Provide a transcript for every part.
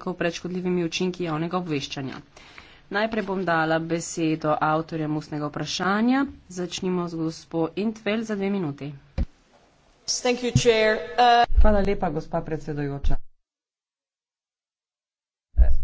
nasprotnikov pred škodljivimi učinki javnega obveščanja. Najprej bom dala besedo avtorjem ustnega vprašanja. Začnimo z gospod Intvel za dve minuti. Uh, Hvala lepa, gospa predsedojoča.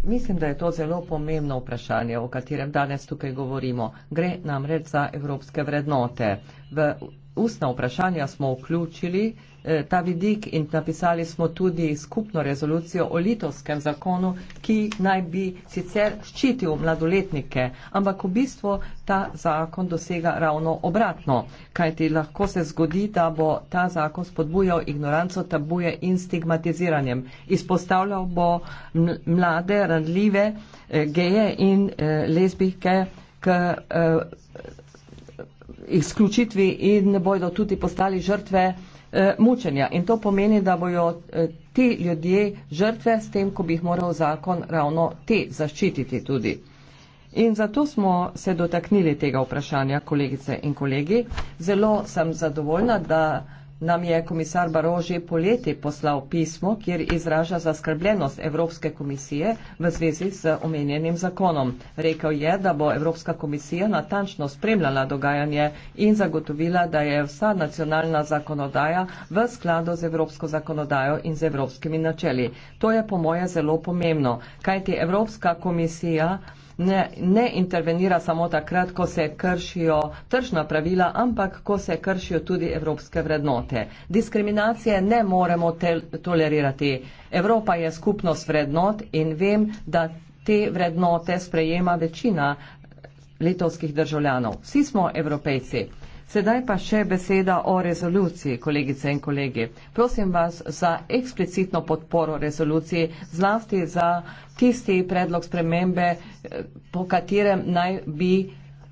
Mislim, da je to zelo pomembno vprašanje, o katerem danes tukaj govorimo. Gre namreč za evropske vrednote. V ustna vprašanja smo vključili eh, ta vidik in napisali smo tudi skupno rezolucijo o litovskem zakonu, ki naj bi sicer ščitil mladoletnike, ampak v bistvu ta zakon dosega ravno obratno, kajti lahko se zgodi, da bo ta zakon spodbujal ignoranco, tabuje in stigmatiziranjem. Izpostavljal bo mlade, randljive, eh, geje in eh, lezbike k izključitvi in bodo tudi postali žrtve eh, mučenja. In to pomeni, da bojo eh, ti ljudje žrtve s tem, ko bi jih moral zakon ravno te zaščititi tudi. In zato smo se dotaknili tega vprašanja, kolegice in kolegi. Zelo sem zadovoljna, da nam je komisar Baroži poleti poslal pismo, kjer izraža zaskrbljenost Evropske komisije v zvezi z omenjenim zakonom. Rekel je, da bo Evropska komisija natančno spremljala dogajanje in zagotovila, da je vsa nacionalna zakonodaja v skladu z evropsko zakonodajo in z evropskimi načeli. To je po moje zelo pomembno, kajti Evropska komisija ne, ne intervenira samo takrat, ko se kršijo tržna pravila, ampak ko se kršijo tudi evropske vrednote. Diskriminacije ne moremo tel, tolerirati. Evropa je skupnost vrednot in vem, da te vrednote sprejema večina litovskih državljanov. Vsi smo evropejci. Sedaj pa še beseda o rezoluciji, kolegice in kolegi. Prosim vas za eksplicitno podporo rezoluciji, zlasti za tisti predlog spremembe, eh, po katerem naj bi eh,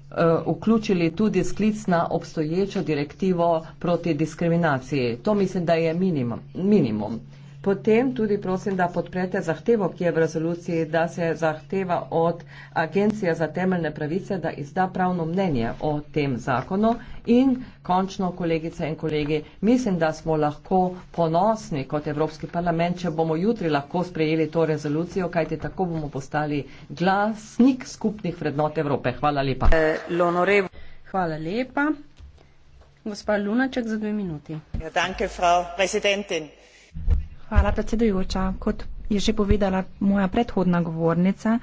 vključili tudi sklic na obstoječo direktivo proti diskriminaciji. To mislim, da je minimum. minimum. Potem tudi prosim, da podprete zahtevo, ki je v rezoluciji, da se zahteva od Agencije za temeljne pravice, da izda pravno mnenje o tem zakonu. In končno, kolegice in kolegi, mislim, da smo lahko ponosni kot Evropski parlament, če bomo jutri lahko sprejeli to rezolucijo, kajte tako bomo postali glasnik skupnih vrednot Evrope. Hvala lepa. Hvala lepa. Gospa Lunaček za dve minuti. Ja, danke, frau, Hvala, predsedujoča. Kot je že povedala moja predhodna govornica,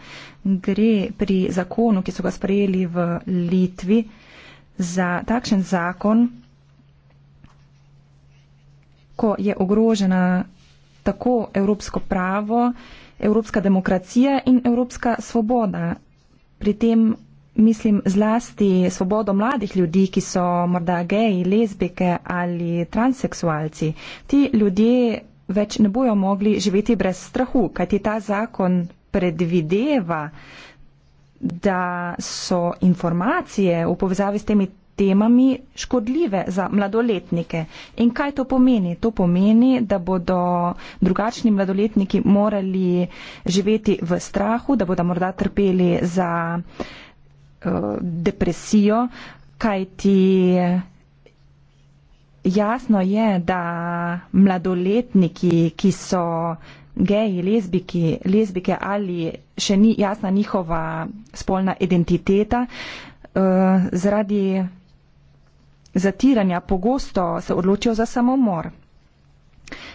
gre pri zakonu, ki so ga sprejeli v Litvi, za takšen zakon, ko je ogrožena tako evropsko pravo, evropska demokracija in evropska svoboda. Pri tem mislim zlasti svobodo mladih ljudi, ki so morda geji, lezbike ali transseksualci. Ti ljudje več ne bojo mogli živeti brez strahu, kajti ta zakon predvideva, da so informacije v povezavi s temi temami škodljive za mladoletnike. In kaj to pomeni? To pomeni, da bodo drugačni mladoletniki morali živeti v strahu, da bodo morda trpeli za uh, depresijo, kajti jasno je, da mladoletniki, ki so geji, lezbiki, lezbike ali še ni jasna njihova spolna identiteta, eh, zaradi zatiranja pogosto se odločijo za samomor.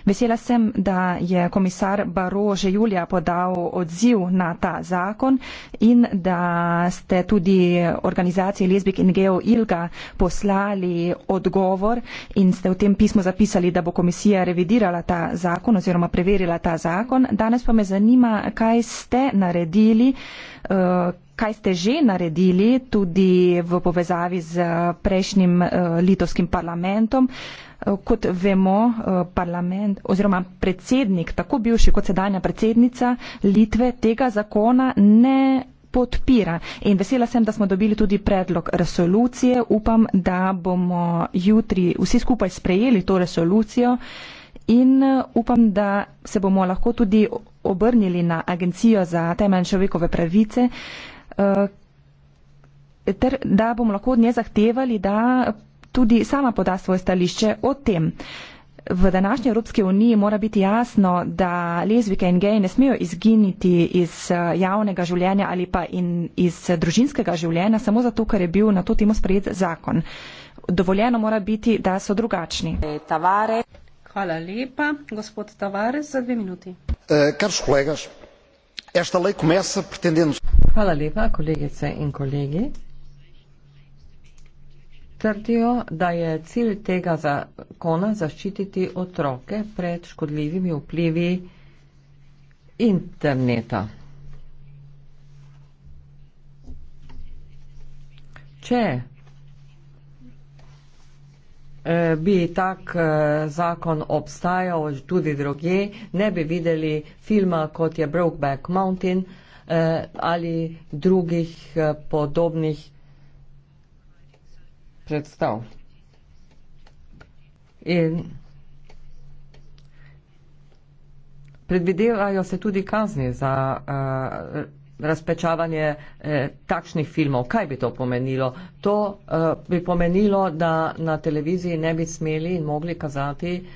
Vesela sem, da je komisar Baro že julija podal odziv na ta zakon in da ste tudi organizaciji Lesbik in Geo Ilga poslali odgovor in ste v tem pismu zapisali, da bo komisija revidirala ta zakon oziroma preverila ta zakon. Danes pa me zanima, kaj ste naredili. Eh, kaj ste že naredili tudi v povezavi z prejšnjim eh, litovskim parlamentom, Kot vemo, eh, parlament oziroma predsednik, tako bivši kot sedanja predsednica Litve, tega zakona ne podpira. In vesela sem, da smo dobili tudi predlog resolucije. Upam, da bomo jutri vsi skupaj sprejeli to resolucijo in eh, upam, da se bomo lahko tudi obrnili na Agencijo za temeljne človekove pravice, eh, ter da bomo lahko od nje zahtevali, da tudi sama poda svoje stališče o tem. V današnji Evropski uniji mora biti jasno, da lezbike in geji ne smejo izginiti iz eh, javnega življenja ali pa iz eh, družinskega življenja samo zato, ker je bil na to temo sprejet zakon. Dovoljeno mora biti, da so drugačni. E, Tavare. Hvala lepa, gospod Tavares, za dve minuti. Eh, kolegas, lej komesa, pretendendo... Hvala lepa, kolegice in kolegi. Trdijo, da je cilj tega zakona zaščititi otroke pred škodljivimi vplivi interneta. Če eh, bi tak eh, zakon obstajal tudi druge, ne bi videli filma kot je Brokeback Mountain eh, ali drugih podobnih predstav. In predvidevajo se tudi kazni za uh, razpečavanje uh, takšnih filmov. Kaj bi to pomenilo? To uh, bi pomenilo, da na televiziji ne bi smeli in mogli kazati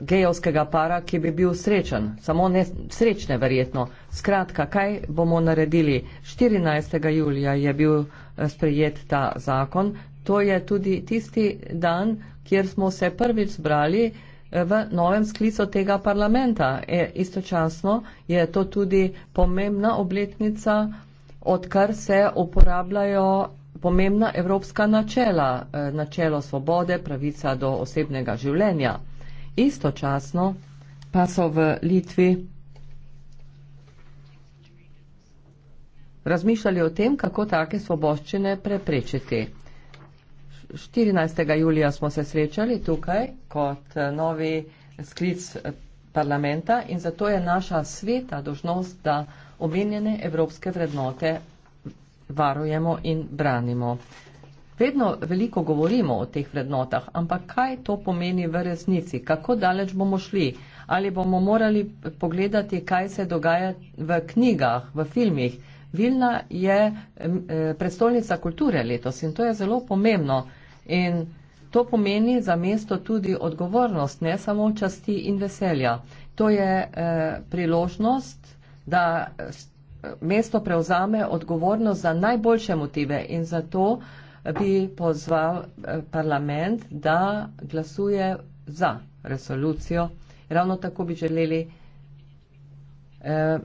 gejovskega para, ki bi bil srečen, samo ne, srečne verjetno. Skratka, kaj bomo naredili? 14. julija je bil sprejet ta zakon, to je tudi tisti dan, kjer smo se prvič zbrali eh, v novem sklicu tega parlamenta. E, istočasno je to tudi pomembna obletnica, odkar se uporabljajo pomembna evropska načela, eh, načelo svobode, pravica do osebnega življenja. Istočasno pa so v Litvi razmišljali o tem, kako take svoboščine preprečiti. 14. julija smo se srečali tukaj kot eh, novi sklic eh, parlamenta in zato je naša sveta dožnost, da omenjene evropske vrednote varujemo in branimo. Vedno veliko govorimo o teh vrednotah, ampak kaj to pomeni v resnici? Kako daleč bomo šli? Ali bomo morali pogledati, kaj se dogaja v knjigah, v filmih? Vilna je eh, prestolnica kulture letos in to je zelo pomembno. In to pomeni za mesto tudi odgovornost, ne samo časti in veselja. To je eh, priložnost, da mesto prevzame odgovornost za najboljše motive in zato eh, bi pozval eh, parlament, da glasuje za resolucijo. Ravno tako bi želeli eh,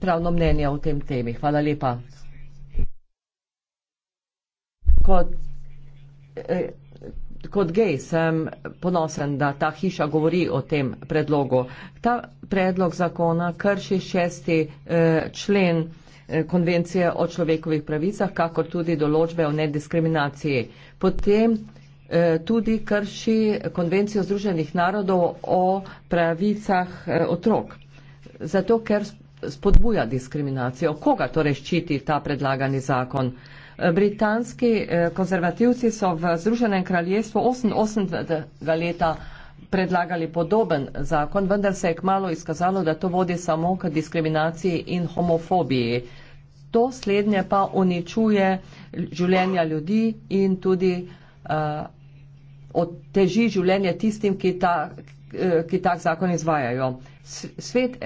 pravno mnenje o tem temi. Hvala lepa. Kot Eh, kot gej sem ponosen, da ta hiša govori o tem predlogu. Ta predlog zakona krši šesti eh, člen eh, konvencije o človekovih pravicah, kakor tudi določbe o nediskriminaciji. Potem tudi krši konvencijo Združenih narodov o pravicah otrok. Zato, ker spodbuja diskriminacijo. Koga torej ščiti ta predlagani zakon? Britanski eh, konzervativci so v Združenem kraljestvu 88. leta predlagali podoben zakon, vendar se je kmalo izkazalo, da to vodi samo k diskriminaciji in homofobiji. To slednje pa uničuje življenja ljudi in tudi uh, oteži življenje tistim, ki, ta, eh, ki tak zakon izvajajo. Svet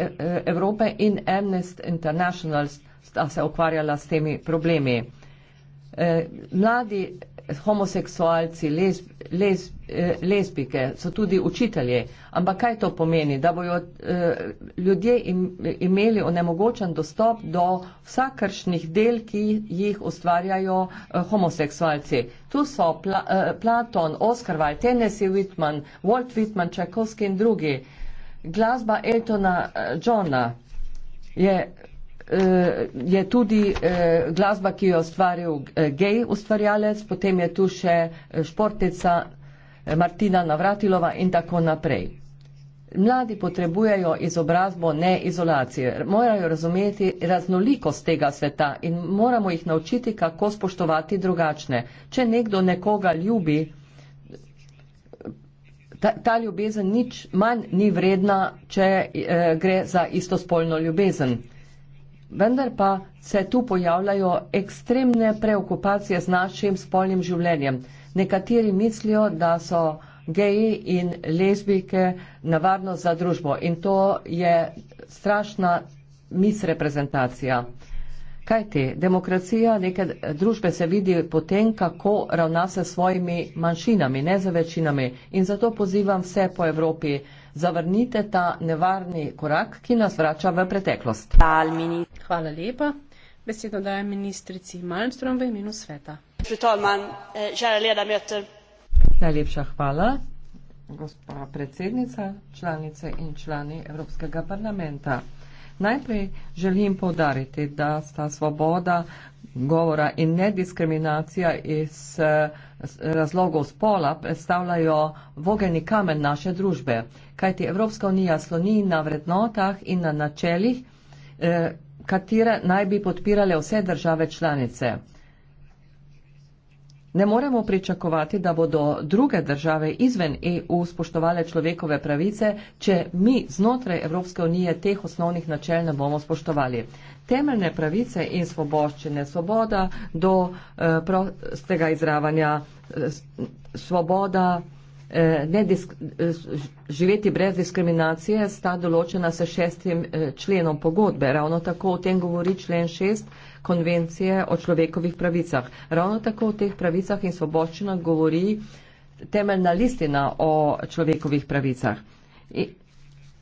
Evrope in Amnesty International sta se ukvarjala s temi problemi. Eh, mladi homoseksualci, lesb, lesb, eh, lesbike so tudi učitelji, ampak kaj to pomeni? Da bojo eh, ljudje im, imeli onemogočen dostop do vsakršnih del, ki jih ustvarjajo eh, homoseksualci. Tu so Pla, eh, Platon, Oscar Wilde, Tennessee Whitman, Walt Whitman, Čajkovski in drugi. Glasba Eltona eh, Johna je uh, je tudi uh, glasba, ki jo je ustvaril uh, gej ustvarjalec, potem je tu še športnica Martina Navratilova in tako naprej. Mladi potrebujejo izobrazbo, ne izolacije. Morajo razumeti raznolikost tega sveta in moramo jih naučiti, kako spoštovati drugačne. Če nekdo nekoga ljubi, ta, ta ljubezen nič manj ni vredna, če eh, gre za istospolno ljubezen. Eh, vendar pa se tu pojavljajo ekstremne preokupacije z našim spolnim življenjem. Nekateri mislijo, da so geji in lezbijke navarno za družbo in to je strašna misreprezentacija. Kaj te? Demokracija neke družbe se vidi potem, kako ravna se svojimi manjšinami, ne za večinami. In zato pozivam vse po Evropi, zavrnite ta nevarni korak, ki nas vrača v preteklost. Hvala lepa. Besedo dajem ministrici Malmström v imenu sveta. Eh, Najlepša hvala, gospa predsednica, članice in člani Evropskega parlamenta. Najprej želim povdariti, da sta svoboda govora in nediskriminacija iz eh, razlogov spola predstavljajo vogelni kamen naše družbe, kajti Evropska unija sloni na vrednotah in na načelih, eh, katere naj bi podpirale vse države članice. Ne moremo pričakovati, da bodo druge države izven EU spoštovale človekove pravice, če mi znotraj Evropske unije teh osnovnih načel ne bomo spoštovali. Temeljne pravice in svoboščine, svoboda do eh, prostega izravanja, eh, svoboda eh, disk, eh, živeti brez diskriminacije sta določena s šestim eh, členom pogodbe. Ravno tako o tem govori člen šest konvencije o človekovih pravicah. Ravno tako o teh pravicah in svoboščinah govori temeljna listina o človekovih pravicah.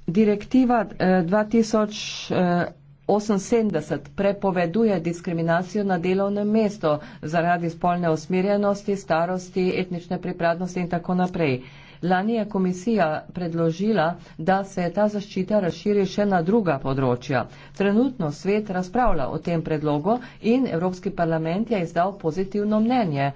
Direktiva 2078 eh, prepoveduje diskriminacijo na delovnem mestu zaradi spolne usmerjenosti, starosti, etnične pripadnosti in tako naprej. Lani je komisija predložila, da se ta zaščita razširi še na druga področja. Trenutno svet razpravlja o tem predlogu in Evropski parlament je izdal pozitivno mnenje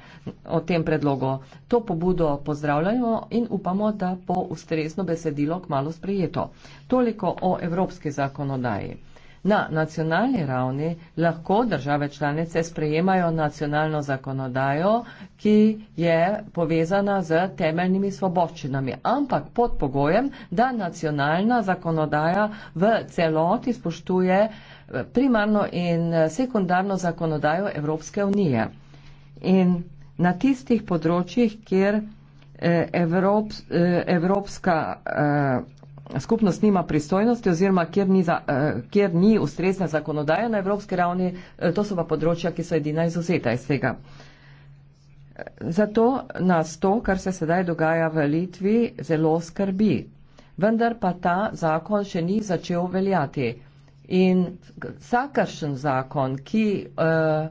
o tem predlogu. To pobudo pozdravljamo in upamo, da bo ustrezno besedilo k malo sprejeto. Toliko o evropski zakonodaji. Na nacionalni ravni lahko države članice sprejemajo nacionalno zakonodajo, ki je povezana z temeljnimi svoboščinami, ampak pod pogojem, da nacionalna zakonodaja v celoti spoštuje eh, primarno in eh, sekundarno zakonodajo Evropske unije. In na tistih področjih, kjer eh, Evrops, Evropska skupnost nima pristojnosti oziroma kjer ni, za, eh, kjer ni ustrezne zakonodaje na evropski ravni, eh, to so pa področja, ki so edina izuzeta iz tega. Eh, zato nas to, kar se sedaj dogaja v Litvi, zelo skrbi. Vendar pa ta zakon še ni začel veljati. In vsakršen zakon, ki uh,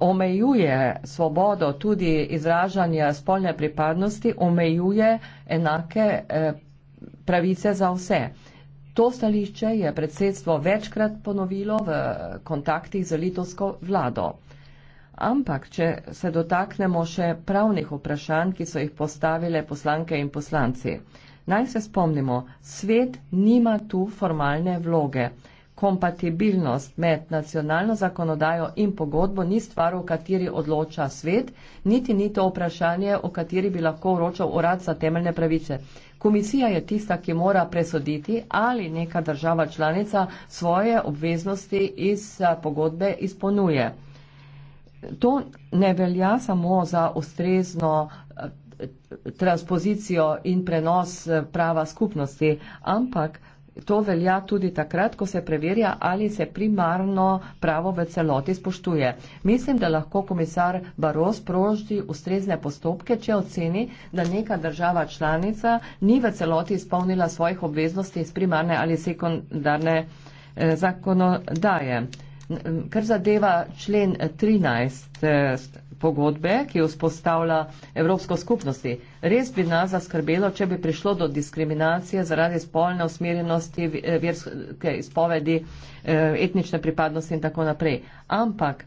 omejuje svobodo tudi izražanja spolne pripadnosti, omejuje enake. Uh, pravice za vse. To stališče je predsedstvo večkrat ponovilo v eh, kontaktih z litovsko vlado. Ampak, če se dotaknemo še pravnih vprašanj, ki so jih postavile poslanke in poslanci, naj se spomnimo, svet nima tu formalne vloge kompatibilnost med nacionalno zakonodajo in pogodbo ni stvar, o kateri odloča svet, niti ni to vprašanje, o kateri bi lahko vročal urad za temeljne pravice. Komisija je tista, ki mora presoditi, ali neka država članica svoje obveznosti iz eh, pogodbe izpolnjuje. To ne velja samo za ustrezno eh, transpozicijo in prenos eh, prava skupnosti, ampak To velja tudi takrat, ko se preverja, ali se primarno pravo v celoti spoštuje. Mislim, da lahko komisar Baros proži ustrezne postopke, če oceni, da neka država članica ni v celoti izpolnila svojih obveznosti iz primarne ali sekundarne eh, zakonodaje. Kar zadeva člen 13 pogodbe, ki jo spostavlja Evropsko skupnosti. Res bi nas zaskrbelo, če bi prišlo do diskriminacije zaradi spolne usmerjenosti, eh, verske izpovedi, eh, etnične pripadnosti in tako naprej. Ampak,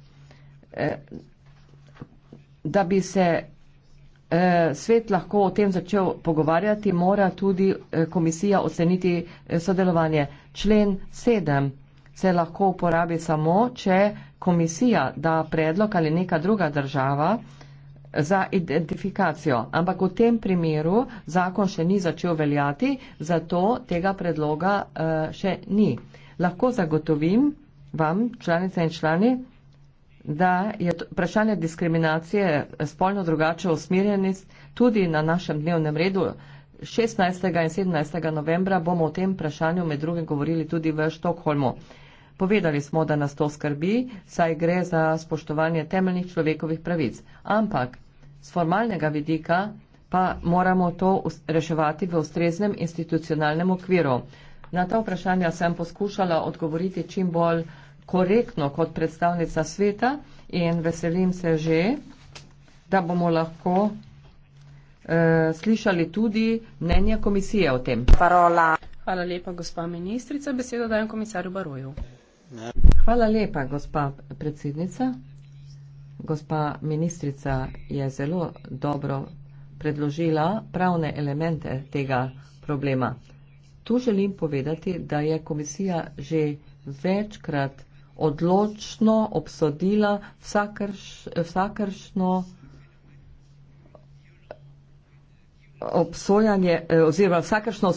eh, da bi se svet lahko o tem začel pogovarjati, mora tudi komisija oceniti sodelovanje. Člen 7 se lahko uporabi samo, če komisija da predlog ali neka druga država za identifikacijo. Ampak v tem primeru zakon še ni začel veljati, zato tega predloga uh, še ni. Lahko zagotovim vam, članice in člani, da je vprašanje diskriminacije spolno drugače usmirjenih tudi na našem dnevnem redu. 16. in 17. novembra bomo o tem vprašanju med drugim govorili tudi v Štokholmu. Uh, Povedali smo, da nas to skrbi, saj gre za spoštovanje temeljnih človekovih pravic. Ampak z formalnega vidika pa moramo to reševati v ustreznem institucionalnem okviru. Na ta vprašanja sem poskušala odgovoriti čim bolj korektno kot predstavnica sveta in veselim se že, da bomo lahko eh, slišali tudi mnenje komisije o tem. Parola. Hvala lepa, gospa ministrica. Besedo dajem komisarju Baroju. Hvala lepa, gospa predsednica. Gospa ministrica je zelo dobro predložila pravne elemente tega problema. Tu želim povedati, da je komisija že večkrat odločno obsodila vsakrš, vsakršno obsojanje eh, oziroma vsakršno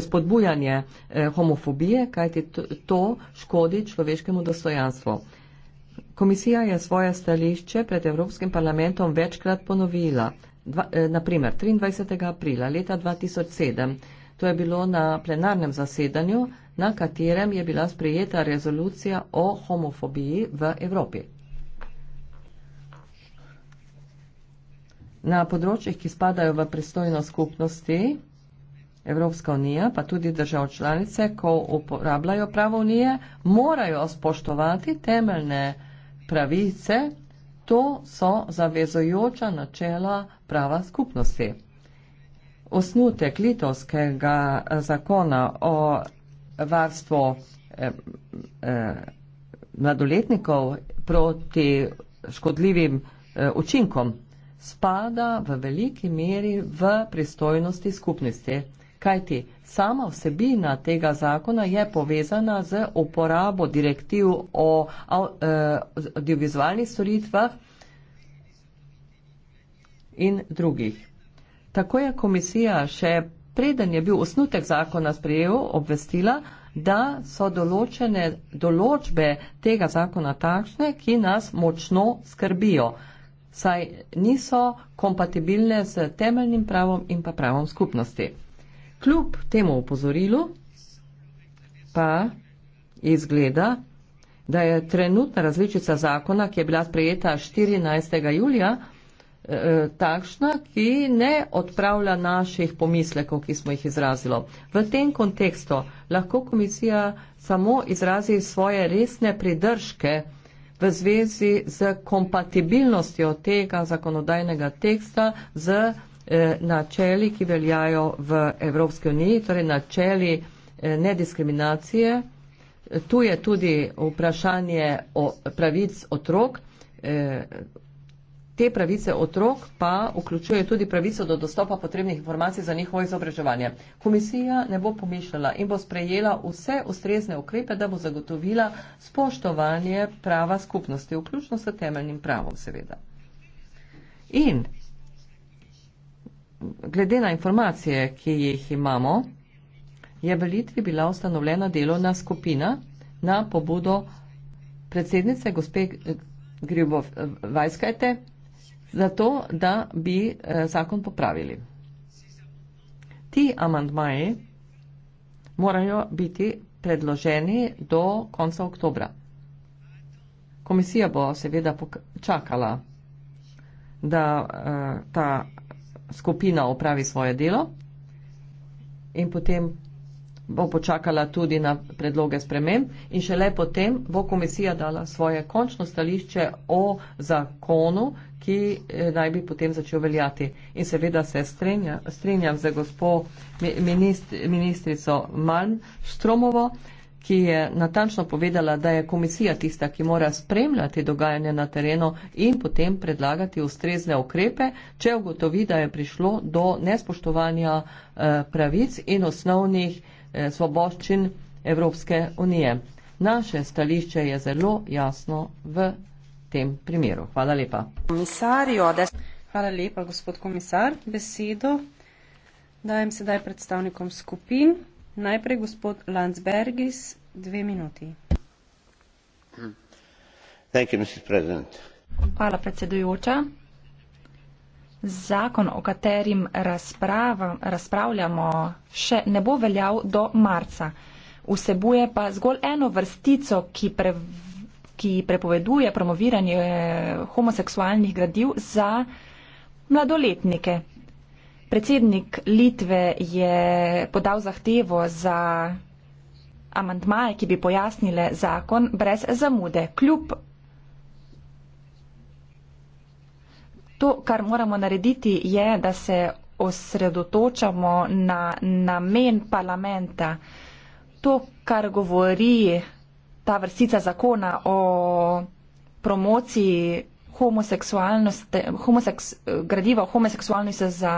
spodbujanje eh, homofobije, kajti to škodi človeškemu dostojanstvu. Komisija je svoje stališče pred Evropskim parlamentom večkrat ponovila. Dva, eh, naprimer, 23. aprila leta 2007, to je bilo na plenarnem zasedanju, na katerem je bila sprejeta rezolucija o homofobiji v Evropi. na področjih, ki spadajo v pristojnost skupnosti Evropska unija, pa tudi držav članice, ko uporabljajo pravo unije, morajo spoštovati temeljne pravice, to so zavezojoča načela prava skupnosti. Osnutek litovskega eh, zakona o eh, varstvu eh, mladoletnikov proti škodljivim učinkom spada v veliki meri v pristojnosti skupnosti. Kajti sama vsebina tega zakona je povezana z uporabo direktiv o audiovizualnih eh, storitvah in drugih. Tako je komisija še preden je bil osnutek zakona sprejel, obvestila, da so določene določbe tega zakona takšne, ki nas močno skrbijo saj niso kompatibilne z temeljnim pravom in pa pravom skupnosti. Kljub temu upozorilu pa izgleda, da je trenutna različica zakona, ki je bila sprejeta 14. julija, eh, takšna, ki ne odpravlja naših pomislekov, ki smo jih izrazilo. V tem kontekstu lahko komisija samo izrazi svoje resne pridržke, v zvezi z kompatibilnostjo tega zakonodajnega teksta z eh, načeli, ki veljajo v Evropski uniji, torej načeli eh, nediskriminacije. Tu je tudi vprašanje o pravic otrok, eh, te pravice otrok pa vključuje tudi pravico do dostopa potrebnih informacij za njihovo izobraževanje. Komisija ne bo pomišljala in bo sprejela vse ustrezne ukrepe, da bo zagotovila spoštovanje prava skupnosti, vključno s temeljnim pravom seveda. In glede na informacije, ki jih imamo, je v Litvi bila ustanovljena delovna skupina na pobudo predsednice gospe Gribovajskajte, zato da bi eh, zakon popravili. Ti amandmaji morajo biti predloženi do konca oktobra. Komisija bo seveda čakala, da eh, ta skupina opravi svoje delo in potem bo počakala tudi na predloge sprememb in šele potem bo komisija dala svoje končno stališče o zakonu, ki eh, naj bi potem začel veljati. In seveda se strenja, strenjam za gospo minist, ministrico Malmstromovo, ki je natančno povedala, da je komisija tista, ki mora spremljati dogajanje na terenu in potem predlagati ustrezne ukrepe, če ugotovi, da je prišlo do nespoštovanja eh, pravic in osnovnih Eh, svoboščin Evropske unije. Naše stališče je zelo jasno v tem primeru. Hvala lepa. Hvala lepa, gospod komisar. Besedo dajem sedaj predstavnikom skupin. Najprej gospod Landsbergis, dve minuti. Hvala, predsedujoča zakon, o katerem razpravljamo, še ne bo veljal do marca. Vsebuje pa zgolj eno vrstico, ki, pre, ki prepoveduje promoviranje eh, homoseksualnih gradiv za mladoletnike. Predsednik Litve je podal zahtevo za amantmaje, ki bi pojasnile zakon brez zamude. Kljub to, kar moramo narediti, je, da se osredotočamo na namen parlamenta. To, kar govori ta vrstica zakona o promociji homoseksualnosti, homoseks, gradiva o homoseksualnosti za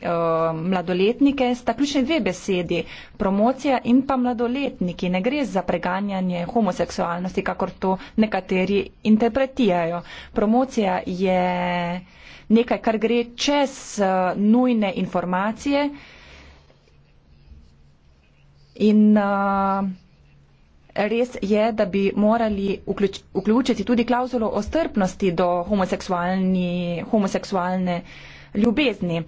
Eh, mladoletnike, sta ključni dve besedi, promocija in pa mladoletniki. Ne gre za preganjanje homoseksualnosti, kakor to nekateri interpretirajo. Promocija je nekaj, kar gre čez eh, nujne informacije in eh, res je, da bi morali vključ, vključiti tudi klauzulo o strpnosti do homoseksualne ljubezni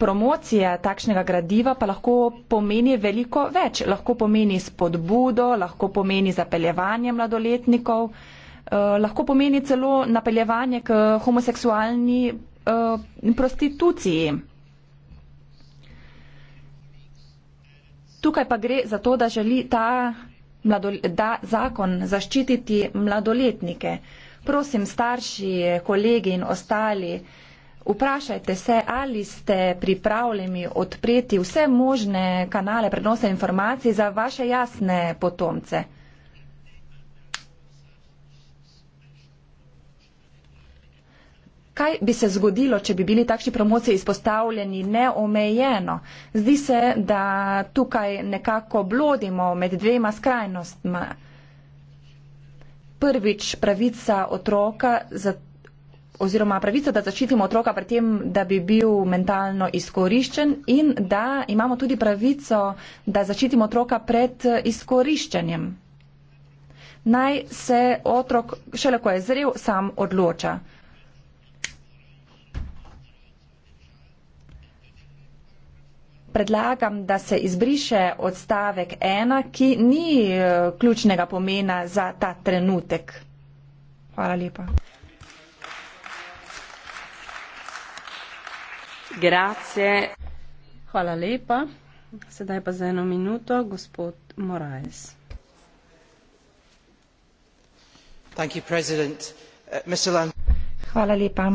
promocija takšnega gradiva pa lahko pomeni veliko več. Lahko pomeni spodbudo, lahko pomeni zapeljevanje mladoletnikov, eh, lahko pomeni celo napeljevanje k homoseksualni eh, prostituciji. Tukaj pa gre za to, da želi ta da zakon zaščititi mladoletnike. Prosim, starši, kolegi in ostali, Vprašajte se, ali ste pripravljeni odpreti vse možne kanale prenosa informacij za vaše jasne potomce. Kaj bi se zgodilo, če bi bili takšni promocije izpostavljeni neomejeno? Zdi se, da tukaj nekako blodimo med dvema skrajnostma. Prvič pravica otroka, zato oziroma pravico, da zaščitimo otroka pred tem, da bi bil mentalno izkoriščen in da imamo tudi pravico, da zaščitimo otroka pred izkoriščenjem. Naj se otrok, šele ko je zrel, sam odloča. Predlagam, da se izbriše odstavek ena, ki ni eh, ključnega pomena za ta trenutek. Hvala lepa. Hvala lepa. Sedaj pa za eno minuto gospod Moraes. Uh, Hvala lepa.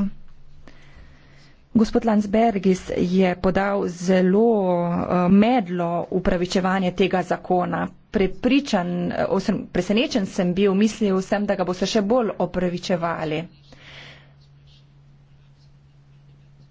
Gospod Landsbergis je podal zelo uh, medlo upravičevanje tega zakona. Prepričan, osem, presenečen sem bil, mislil sem, da ga boste še bolj opravičevali.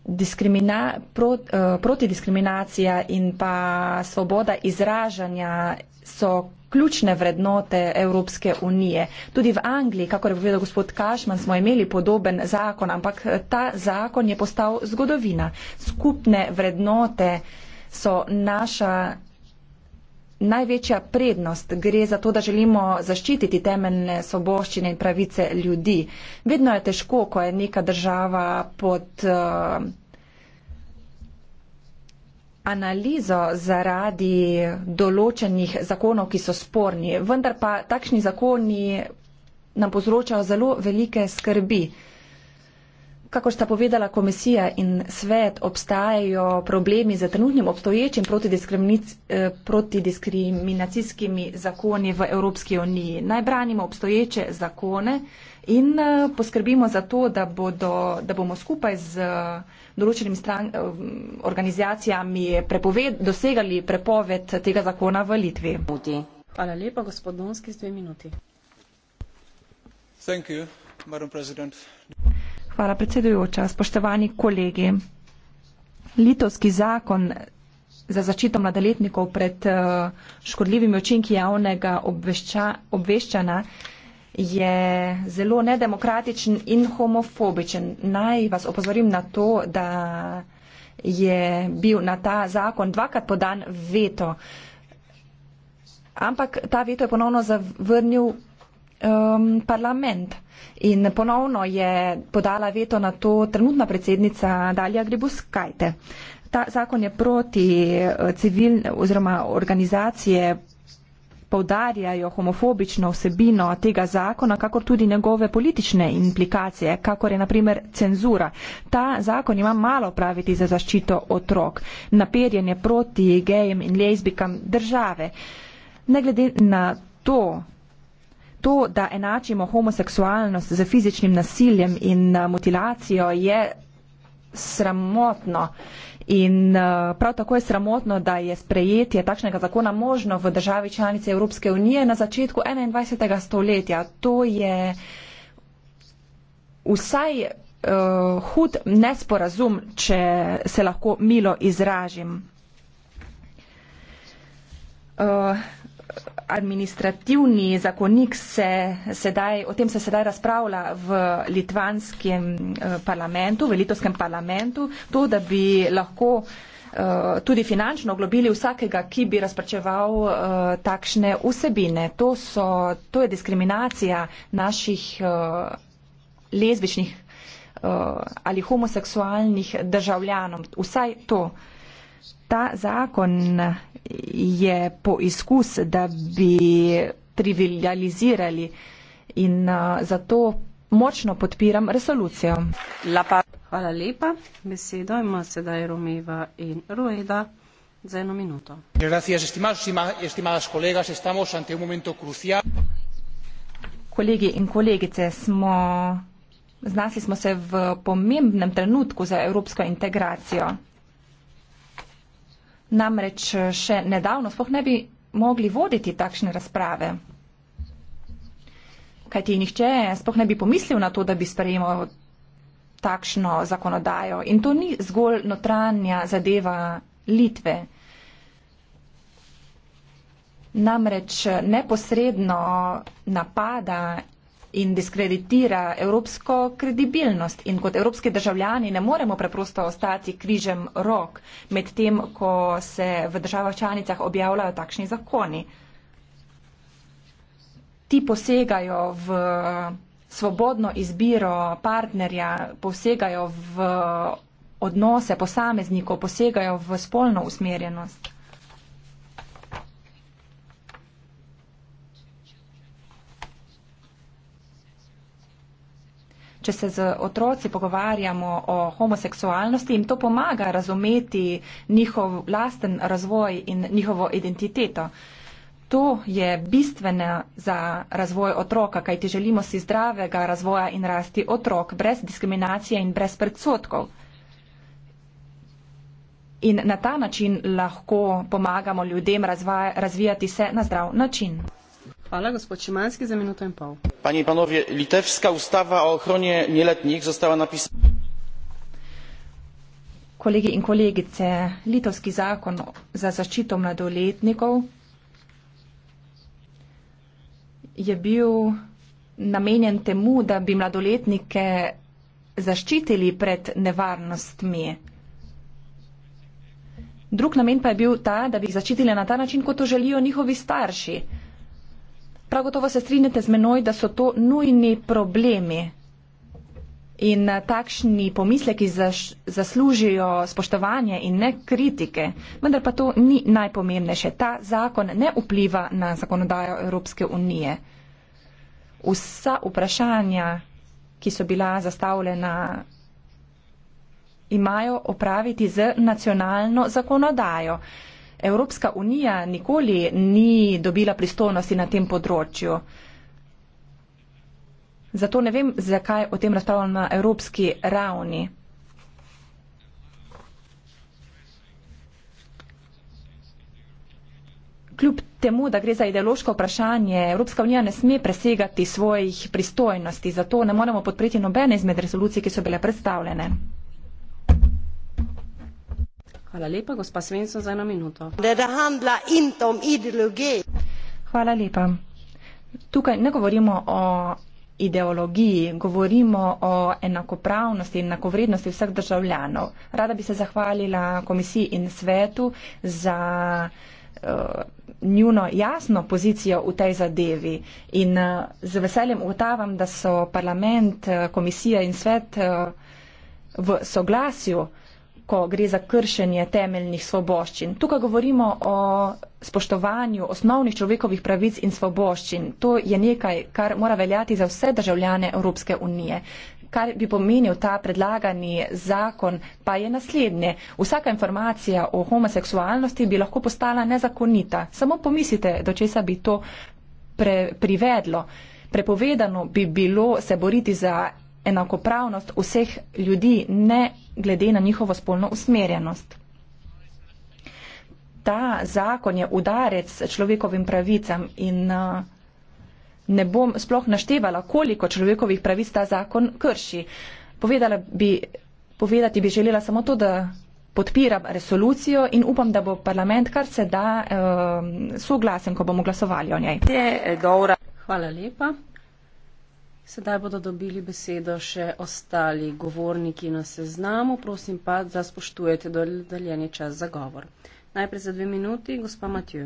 diskrimina, prot, uh, eh, protidiskriminacija in pa svoboda izražanja so ključne vrednote Evropske unije. Tudi v Angliji, kako je povedal gospod Kašman, smo imeli podoben zakon, ampak eh, ta zakon je postal zgodovina. Skupne vrednote so naša največja prednost. Gre za to, da želimo zaščititi temeljne soboščine in pravice ljudi. Vedno je težko, ko je neka država pod eh, analizo zaradi določenih zakonov, ki so sporni. Vendar pa takšni zakoni nam povzročajo zelo velike skrbi kako sta povedala komisija in svet, obstajajo problemi z trenutnim obstoječim eh, protidiskriminacijskimi zakoni v Evropski uniji. Naj branimo obstoječe zakone in eh, poskrbimo za to, da, bodo, da bomo skupaj z eh, določenimi stran, organizacijami prepoved, dosegali prepoved tega zakona v Litvi. Hvala lepa, gospod Donski, z dve minuti. Thank you, Madam President. Hvala predsedujoča. Spoštovani kolegi, litovski zakon za začito mladoletnikov pred eh, škodljivimi očinki javnega obvešča, obveščana je zelo nedemokratičen in homofobičen. Naj vas opozorim na to, da je bil na ta zakon dvakrat podan veto. Ampak ta veto je ponovno zavrnil um, parlament. In ponovno je podala veto na to trenutna predsednica Dalija Gribuskajte. Ta zakon je proti eh, civilne oziroma organizacije povdarjajo homofobično vsebino tega zakona, kakor tudi njegove politične implikacije, kakor je naprimer cenzura. Ta zakon ima malo praviti za zaščito otrok. Naperjen je proti gejem in lezbikam države. Ne glede na to, to, da enačimo homoseksualnost z fizičnim nasiljem in eh, mutilacijo, je sramotno. In eh, prav tako je sramotno, da je sprejetje takšnega zakona možno v državi članice Evropske unije na začetku 21. stoletja. To je vsaj uh, hud nesporazum, če se lahko milo izražim. Uh, administrativni zakonik se sedaj, o tem se sedaj razpravlja v litvanskem eh, parlamentu, v litovskem parlamentu, to, da bi lahko eh, tudi finančno oglobili vsakega, ki bi razprčeval eh, takšne vsebine. To, so, to je diskriminacija naših lezbičnih ali homoseksualnih državljanom. Vsaj to. Ta zakon je poizkus, da bi trivializirali in uh, zato močno podpiram resolucijo. Hvala lepa. Besedo ima sedaj Romeva in Rueda za eno minuto. Kolegi in kolegice, smo, znašli smo se v pomembnem trenutku za evropsko integracijo namreč eh, še nedavno sploh ne bi mogli voditi takšne razprave. Kaj ti nihče sploh ne bi pomislil na to, da bi sprejemal takšno zakonodajo. In to ni zgolj notranja zadeva Litve. Namreč eh, neposredno napada in diskreditira evropsko kredibilnost. In kot evropski državljani ne moremo preprosto ostati križem rok med tem, ko se v državah članicah objavljajo takšni zakoni. Ti posegajo v svobodno izbiro partnerja, posegajo v odnose posameznikov, posegajo v spolno usmerjenost. če se z otroci pogovarjamo o homoseksualnosti, jim to pomaga razumeti njihov lasten razvoj in njihovo identiteto. To je bistvene za razvoj otroka, kajti želimo si zdravega razvoja in rasti otrok brez diskriminacije in brez predsotkov. In na ta način lahko pomagamo ljudem razvaj, razvijati se na zdrav način. Hvala, gospod Šimanski, za minuto in pol. Panie i panowie, litewska ustawa o ochronie nieletnich została napisana. Kolegi in kolegice, litovski zakon za zaščito mladoletnikov je bil namenjen temu, da bi mladoletnike zaščitili pred nevarnostmi. Drug namen pa je bil ta, da bi jih zaščitili na ta način, kot to želijo njihovi starši prav gotovo se strinjate z menoj, da so to nujni problemi. In eh, takšni pomisleki zaš, zaslužijo spoštovanje in ne kritike, vendar pa to ni najpomembnejše. Ta zakon ne vpliva na zakonodajo Evropske unije. Vsa vprašanja, ki so bila zastavljena, imajo opraviti z nacionalno zakonodajo. Evropska unija nikoli ni dobila pristojnosti na tem področju. Zato ne vem, zakaj o tem razpravljamo na evropski ravni. Kljub temu, da gre za ideološko vprašanje, Evropska unija ne sme presegati svojih pristojnosti, zato ne moremo podpreti nobene izmed resolucij, ki so bile predstavljene. Hvala lepa, gospa Svensson, za eno minuto. Hvala lepa. Tukaj ne govorimo o ideologiji, govorimo o enakopravnosti in enakovrednosti vseh državljanov. Rada bi se zahvalila komisiji in svetu za eh, njuno jasno pozicijo v tej zadevi. In eh, z veseljem ugotavam, da so parlament, eh, komisija in svet v soglasju uh, ko gre za kršenje temeljnih svoboščin. Tukaj govorimo o spoštovanju osnovnih človekovih pravic in svoboščin. To je nekaj, kar mora veljati za vse državljane Evropske unije. Kar bi pomenil ta predlagani zakon, pa je naslednje. Vsaka informacija o homoseksualnosti bi lahko postala nezakonita. Samo pomislite, do česa bi to pre, privedlo. Prepovedano bi bilo se boriti za enakopravnost vseh ljudi, ne glede na njihovo spolno usmerjenost. Ta zakon je udarec človekovim pravicam in uh, ne bom sploh naštevala, koliko človekovih pravic ta zakon krši. Povedala bi, povedati bi želela samo to, da podpiram resolucijo in upam, da bo parlament kar se da um, soglasen, ko bomo glasovali o njej. Hvala lepa. Sedaj bodo dobili besedo še ostali govorniki na seznamu. Prosim pa, da spoštujete deljeni čas za govor. Najprej za dve minuti, gospa Matjo.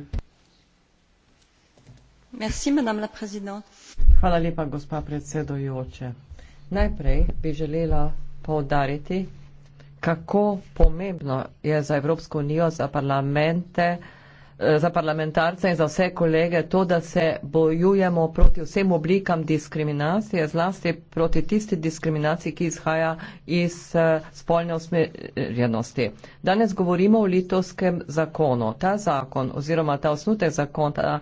Hvala lepa, gospa predsedojoče. Najprej bi želela poudariti, kako pomembno je za Evropsko unijo, za parlamente, Eh, za parlamentarce in za vse kolege to, da se bojujemo proti vsem oblikam diskriminacije, zlasti proti tisti diskriminaciji, ki izhaja iz eh, spolne usmerjenosti. Danes govorimo o litovskem zakonu. Ta zakon oziroma ta osnutek zakona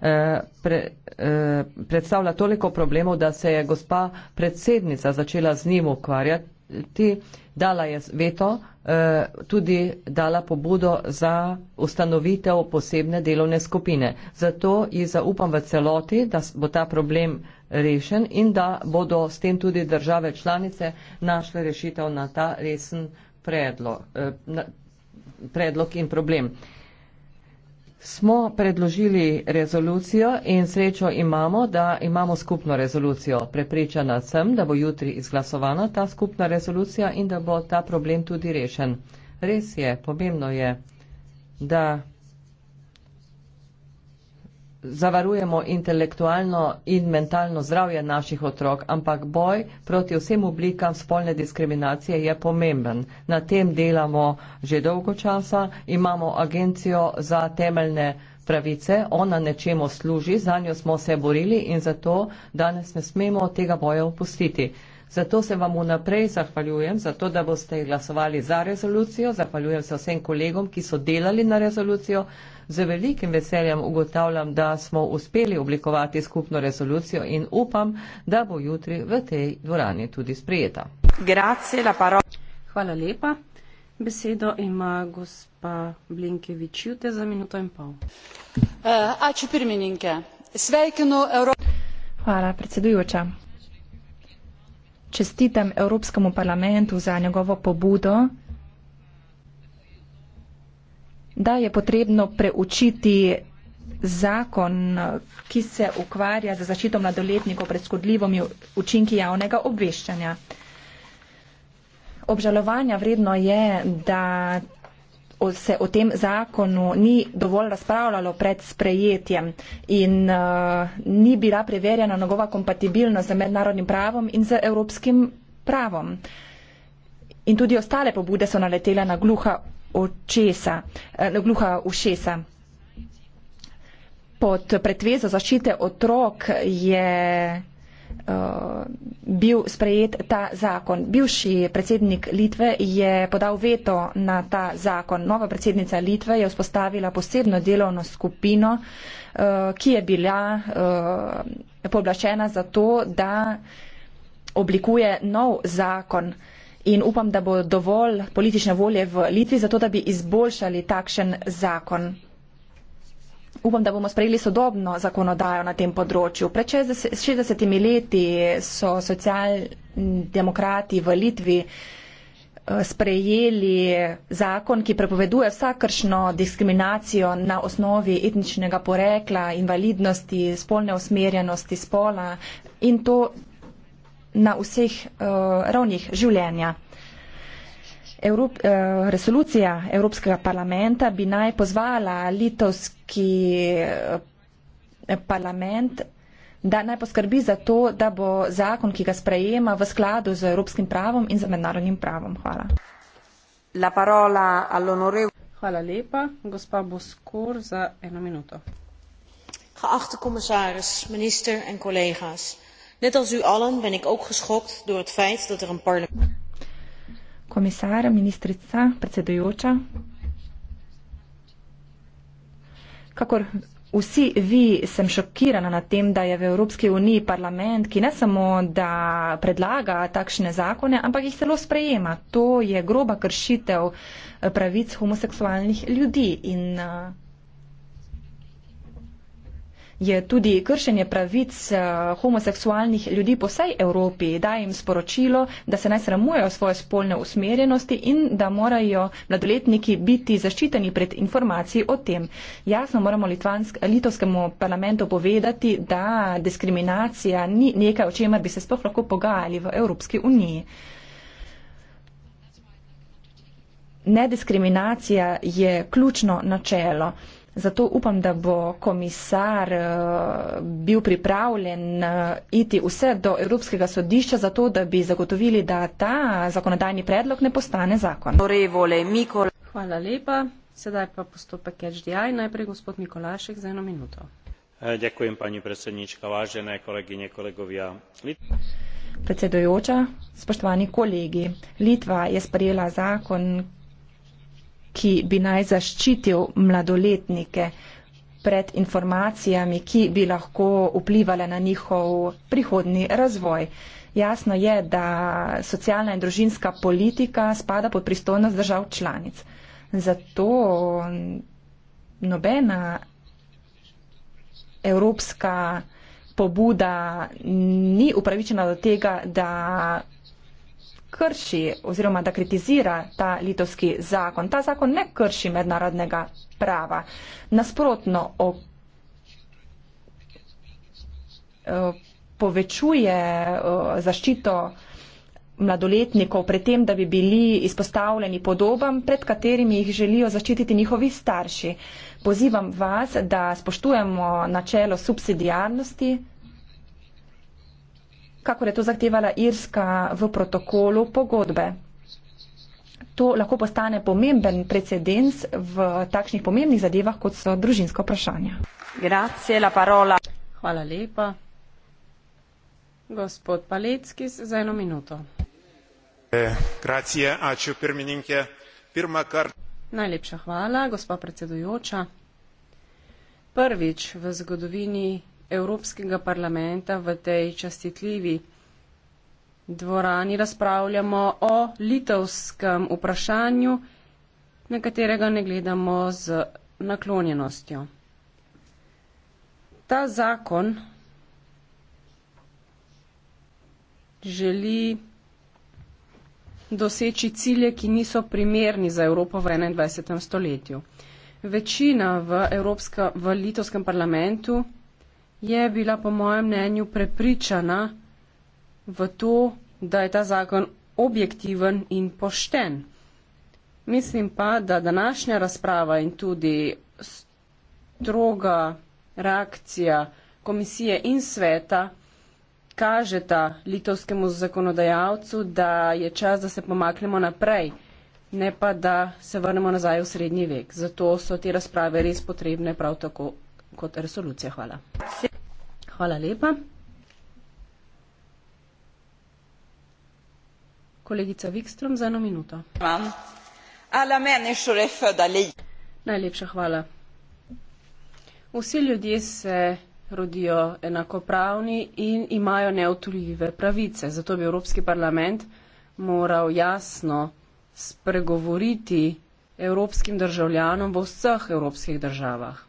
eh, pre, predstavlja toliko problemov, da se je gospa predsednica začela z njim ukvarjati ti dala je veto, eh, tudi dala pobudo za ustanovitev posebne delovne skupine. Zato ji zaupam v celoti, da bo ta problem rešen in da bodo s tem tudi države članice našle rešitev na ta resen predlog, eh, predlog in problem smo predložili rezolucijo in srečo imamo, da imamo skupno rezolucijo. Prepričana sem, da bo jutri izglasovana ta skupna rezolucija in da bo ta problem tudi rešen. Res je, pomembno je, da zavarujemo intelektualno in mentalno zdravje naših otrok, ampak boj proti vsem oblikam spolne diskriminacije je pomemben. Na tem delamo že dolgo časa, imamo agencijo za temeljne pravice, ona nečemu služi, za njo smo se borili in zato danes ne smemo tega boja opustiti. Zato se vam vnaprej zahvaljujem, zato da boste glasovali za rezolucijo, zahvaljujem se vsem kolegom, ki so delali na rezolucijo. Z velikim veseljem ugotavljam, da smo uspeli oblikovati skupno resolucijo in upam, da bo jutri v tej dvorani tudi sprijeta. Grazie, Hvala lepa. Besedo ima gospa Blinkevič jute za minuto in pol. Uh, eh, Ači pirmininke, svejkeno Evropa. Hvala, predsedujoča. Čestitam Evropskemu parlamentu za njegovo pobudo da je potrebno preučiti zakon, ki se ukvarja za zaščito mladoletnikov pred škodljivimi učinki javnega obveščanja. Obžalovanja vredno je, da se o tem zakonu ni dovolj razpravljalo pred sprejetjem in uh, ni bila preverjena njegova kompatibilnost z mednarodnim pravom in z evropskim pravom. In tudi ostale pobude so naletele na gluha očesa, eh, gluha ušesa. Pod pretvezo zaščite otrok je eh, bil sprejet ta zakon. Bivši predsednik Litve je podal veto na ta zakon. Nova predsednica Litve je vzpostavila posebno delovno skupino, eh, ki je bila poblašena za to, da oblikuje nov zakon in upam, da bo dovolj politične volje v Litvi, zato da bi izboljšali takšen zakon. Upam, da bomo sprejeli sodobno zakonodajo na tem področju. Pred 60 leti so socialdemokrati v Litvi eh, sprejeli zakon, ki prepoveduje vsakršno diskriminacijo na osnovi etničnega porekla, invalidnosti, spolne usmerjenosti, spola in to na vseh uh, ravnih življenja. Evrop, eh, resolucija Evropskega parlamenta bi naj pozvala litovski eh, parlament, da naj poskrbi za to, da bo zakon, ki ga sprejema, v skladu z evropskim pravom in z mednarodnim pravom. Hvala. Hvala lepa, gospa Boskor, za eno minuto. Geachte commissaris, minister in kolega's, net als u allen ben ik ook geschokt door het feit dat er een parlement komisar, ministrica, predsedujoča. Kakor vsi vi, sem šokirana na tem, da je v Evropski uniji parlament, ki ne samo, da predlaga takšne zakone, ampak jih celo sprejema. To je groba kršitev pravic homoseksualnih ljudi in uh, je tudi kršenje pravic eh, homoseksualnih ljudi po vsej Evropi, da jim sporočilo, da se naj sramujejo svoje spolne usmerjenosti in da morajo mladoletniki biti zaščiteni pred informacijami o tem. Jasno moramo Litvansk, litovskemu parlamentu povedati, da diskriminacija ni nekaj, o čemer bi se sploh lahko pogajali v Evropski uniji. Nediskriminacija je ključno načelo. Zato upam, da bo komisar eh, bil pripravljen eh, iti vse do Evropskega sodišča, zato da bi zagotovili, da ta zakonodajni predlog ne postane zakon. Hvala lepa. Sedaj pa postopek HDI. Najprej gospod Mikolašek za eno minuto. Ďakujem, eh, pani predsednička, vážené kolegyne, kolegovia. Predsedujoča, spoštovani kolegi, Litva je sprejela zakon, ki bi naj zaščitil mladoletnike pred informacijami, ki bi lahko vplivali na njihov prihodni razvoj. Jasno je, da socialna in družinska politika spada pod pristojnost držav članic. Zato nobena evropska pobuda ni upravičena do tega, da krši oziroma da kritizira ta litovski zakon. Ta zakon ne krši mednarodnega prava. Nasprotno o, o, povečuje o, zaščito mladoletnikov pred tem, da bi bili izpostavljeni podobam, pred katerimi jih želijo zaščititi njihovi starši. Pozivam vas, da spoštujemo načelo subsidijarnosti, kako je to zahtevala Irska v protokolu pogodbe. To lahko postane pomemben precedens v takšnih pomembnih zadevah, kot so družinsko vprašanje. Grazie, la parola. Hvala lepa. Gospod Palecki, za eno minuto. Eh, grazie, ačiū pirmininkė. Pirma kar. Najlepša hvala, gospod predsedujoča. Prvič v zgodovini Evropskega parlamenta v tej častitljivi dvorani razpravljamo o litovskem vprašanju, na katerega ne gledamo z naklonjenostjo. Ta zakon želi doseči cilje, ki niso primerni za Evropo v 21. stoletju. Večina v, Evropska, v litovskem parlamentu je bila po mojem mnenju prepričana v to, da je ta zakon objektiven in pošten. Mislim pa, da današnja razprava in tudi stroga reakcija komisije in sveta kažeta litovskemu zakonodajalcu, da je čas, da se pomaknemo naprej, ne pa da se vrnemo nazaj v srednji vek. Zato so te razprave res potrebne prav tako kot resolucija. Hvala. Hvala lepa. Kolegica Vikstrom za eno minuto. Najlepša hvala. Vsi ljudje se rodijo enakopravni in imajo neotuljive pravice. Zato bi Evropski parlament moral jasno spregovoriti evropskim državljanom v vseh evropskih državah.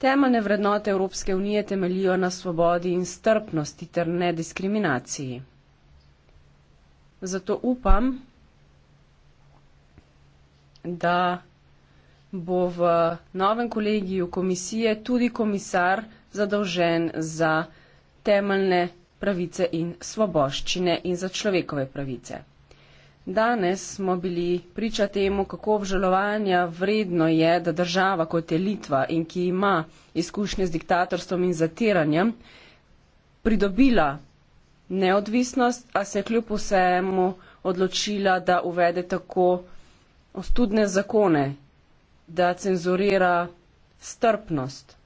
Temeljne vrednote Evropske unije temelijo na svobodi in strpnosti ter nediskriminaciji. Zato upam, da bo v novem kolegiju komisije tudi komisar zadolžen za temeljne pravice in svoboščine in za človekove pravice. Danes smo bili priča temu, kako obžalovanja vredno je, da država kot je Litva in ki ima izkušnje z diktatorstvom in zatiranjem, pridobila neodvisnost, a se je kljub vsemu odločila, da uvede tako ostudne zakone, da cenzurira strpnost.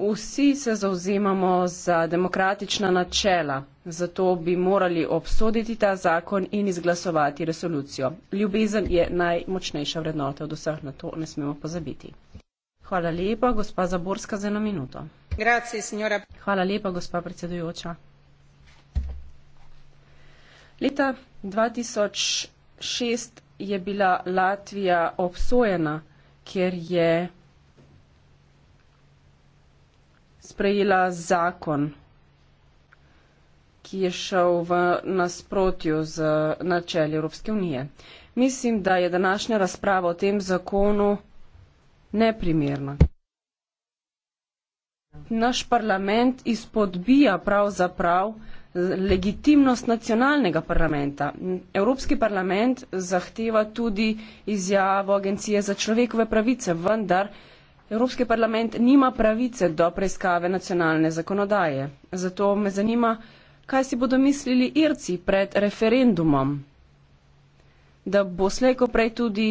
Vsi se zauzemamo za demokratična načela, zato bi morali obsoditi ta zakon in izglasovati resolucijo. Ljubezen je najmočnejša vrednota od vseh, na to ne smemo pozabiti. Hvala lepa, gospa Zaborska, za eno minuto. Grazie, Hvala lepa, gospa predsedujoča. Leta 2006 je bila Latvija obsojena, ker je sprejela zakon, ki je šel v nasprotju z načeli Evropske unije. Mislim, da je današnja razprava o tem zakonu neprimerna. Naš parlament izpodbija pravzaprav legitimnost nacionalnega parlamenta. Evropski parlament zahteva tudi izjavo Agencije za človekove pravice, vendar Evropski parlament nima pravice do preiskave nacionalne zakonodaje. Zato me zanima, kaj si bodo mislili Irci pred referendumom. Da bo slejko prej tudi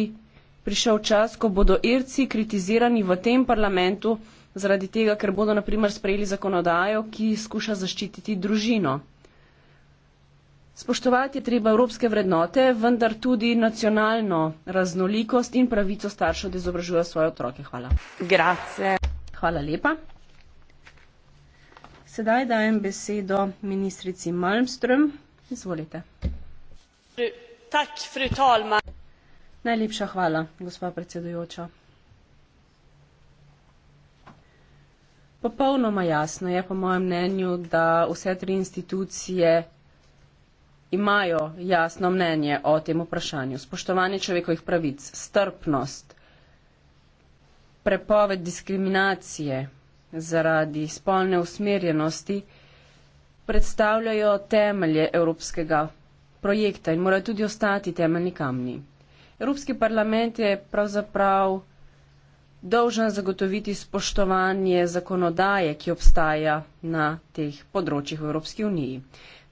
prišel čas, ko bodo Irci kritizirani v tem parlamentu zaradi tega, ker bodo naprimer sprejeli zakonodajo, ki skuša zaščititi družino. Spoštovati je treba evropske vrednote, vendar tudi nacionalno raznolikost in pravico staršev, da izobražujejo svoje otroke. Hvala. Grazie. Hvala lepa. Sedaj dajem besedo ministrici Malmström. Izvolite. Tak, Najlepša hvala, gospa predsedujoča. Popolnoma jasno je, po mojem mnenju, da vse tri institucije imajo jasno mnenje o tem vprašanju. Spoštovanje človekovih pravic, strpnost, prepoved diskriminacije zaradi spolne usmerjenosti predstavljajo temelje evropskega projekta in morajo tudi ostati temeljni kamni. Evropski parlament je pravzaprav dolžen zagotoviti spoštovanje zakonodaje, ki obstaja na teh področjih v Evropski uniji.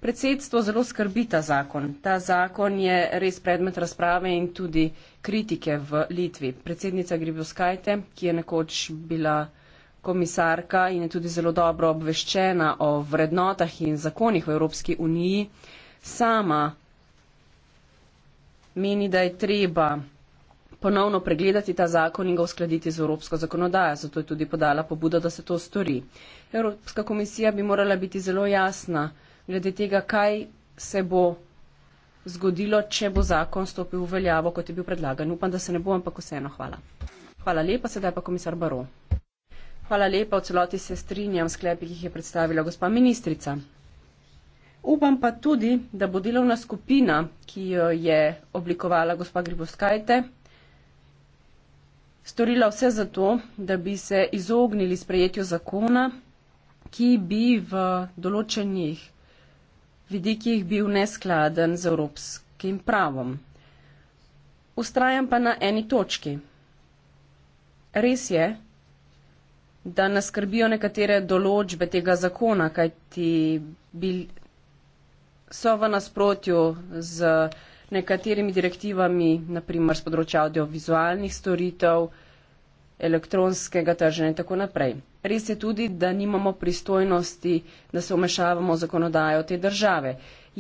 Predsedstvo zelo skrbi ta zakon. Ta zakon je res predmet razprave in tudi kritike v Litvi. Predsednica Gribovskajte, ki je nekoč bila komisarka in je tudi zelo dobro obveščena o vrednotah in zakonih v Evropski uniji, sama meni, da je treba ponovno pregledati ta zakon in ga uskladiti z evropsko zakonodajo. Zato je tudi podala pobudo, da se to stori. Evropska komisija bi morala biti zelo jasna glede tega, kaj se bo zgodilo, če bo zakon stopil v veljavo, kot je bil predlagan. Upam, da se ne bo, ampak vseeno hvala. Hvala lepa, sedaj pa komisar Baro. Hvala lepa, v celoti se strinjam sklepi, ki jih je predstavila gospa ministrica. Upam pa tudi, da bo delovna skupina, ki jo je oblikovala gospa Griboskajte, storila vse zato, da bi se izognili sprejetju zakona, ki bi v določenih vidikih bil neskladen z evropskim pravom. Ustrajam pa na eni točki. Res je, da nas skrbijo nekatere določbe tega zakona, kajti bil, so v nasprotju z nekaterimi direktivami, naprimer z področja audiovizualnih storitev, elektronskega trženja in tako naprej. Res je tudi, da nimamo pristojnosti, da se vmešavamo v zakonodajo te države.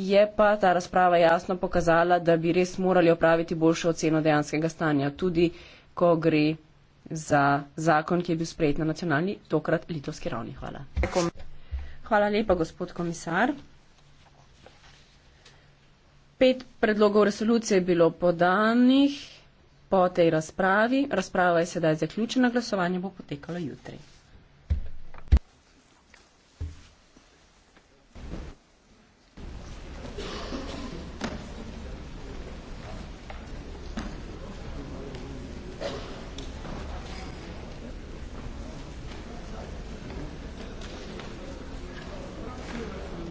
Je pa ta razprava jasno pokazala, da bi res morali opraviti boljšo oceno dejanskega stanja, tudi ko gre za zakon, ki je bil sprejet na nacionalni, tokrat litovski ravni. Hvala. Hvala lepa, gospod komisar. Pet predlogov resolucije je bilo podanih po tej razpravi. Razprava je sedaj zaključena, glasovanje bo potekalo jutri.